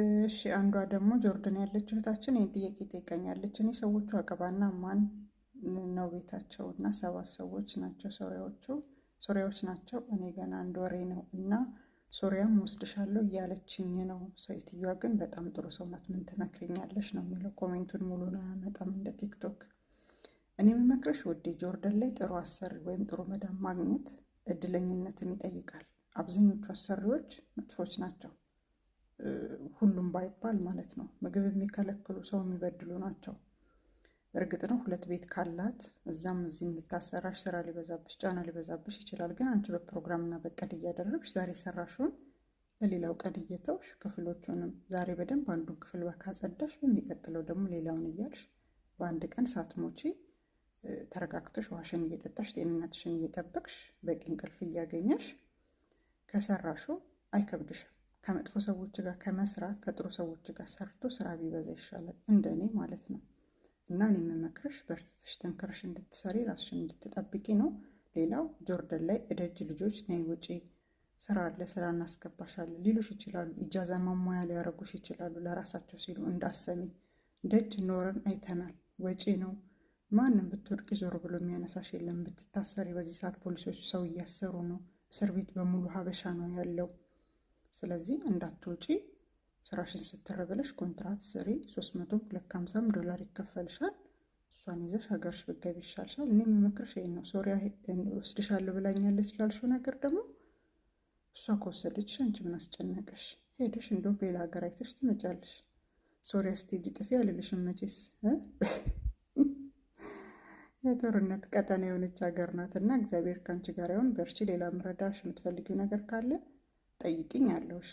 እሺ አንዷ ደግሞ ጆርደን ያለች እህታችን ይህን ጥያቄ ጠይቀኛለች። እኔ ሰዎቹ አቀባና ማን ነው ቤታቸው እና ሰባት ሰዎች ናቸው ሶሪያዎቹ ሶሪያዎች ናቸው። እኔ ገና አንድ ወሬ ነው እና ሶሪያም ወስድሻለሁ እያለችኝ ነው። ሴትዮዋ ግን በጣም ጥሩ ሰው ናት። ምን ትመክሪኛለሽ ነው የሚለው። ኮሜንቱን ነው ያመጣም እንደ ቲክቶክ። እኔ የምመክርሽ ውዴ ጆርደን ላይ ጥሩ አሰሪ ወይም ጥሩ መዳም ማግኘት እድለኝነትን ይጠይቃል። አብዛኞቹ አሰሪዎች መጥፎች ናቸው። ሁሉም ባይባል ማለት ነው ምግብ የሚከለክሉ ሰው የሚበድሉ ናቸው። እርግጥ ነው ሁለት ቤት ካላት እዛም እዚህም ልታሰራሽ፣ ስራ ሊበዛብሽ፣ ጫና ሊበዛብሽ ይችላል። ግን አንቺ በፕሮግራምና በቀድ እያደረግሽ ዛሬ ሰራሽውን ለሌላው ቀን እየተውሽ ክፍሎቹንም ዛሬ በደንብ አንዱን ክፍል በካጸዳሽ በሚቀጥለው ደግሞ ሌላውን እያልሽ በአንድ ቀን ሳትሞቺ ተረጋግተሽ ውሃሽን እየጠጣሽ ጤንነትሽን እየጠበቅሽ በቂ እንቅልፍ እያገኘሽ ከሰራሹ አይከብድሽም። ከመጥፎ ሰዎች ጋር ከመስራት ከጥሩ ሰዎች ጋር ሰርቶ ስራ ቢበዛ ይሻላል፣ እንደኔ ማለት ነው። እና እኔ የምመክርሽ በርትተሽ ጠንክረሽ እንድትሰሪ ራስሽን እንድትጠብቂ ነው። ሌላው ጆርደን ላይ እደጅ ልጆች ነይ ውጪ፣ ስራ አለ፣ ስራ እናስገባሻለን ሊሉሽ ይችላሉ። ኢጃዛ ማሟያ ሊያረጉሽ ይችላሉ። ለራሳቸው ሲሉ እንዳሰሚ ደጅ ኖረን አይተናል። ወጪ ነው። ማንም ብትወድቅ ዞር ብሎ የሚያነሳሽ የለም። ብትታሰሪ በዚህ ሰዓት ፖሊሶች ሰው እያሰሩ ነው። እስር ቤት በሙሉ ሀበሻ ነው ያለው። ስለዚህ እንዳትወጪ ስራሽን ስትር ብለሽ ኮንትራት ስሪ። 3250 ዶላር ይከፈልሻል። እሷን ይዘሽ ሀገርሽ ብትገቢ ይሻልሻል። እኔ የምመክርሽ ይሄን ነው። ሶሪያ ወስድሻለሁ ብላኛለች ላልሽው ነገር ደግሞ እሷ ከወሰደችሽ አንቺ ምን አስጨነቀሽ? ሄደሽ እንደውም ሌላ ሀገር አይተሽ ትመጫለሽ። ሶሪያ ስቴጅ ጥፊ አልልሽም መቼስ የጦርነት ቀጠና የሆነች ሀገር ናትና፣ እግዚአብሔር ከአንቺ ጋር ይሁን። በርቺ። ሌላ ምረዳሽ የምትፈልጊው ነገር ካለ ጠይቅኝ አለው። እሺ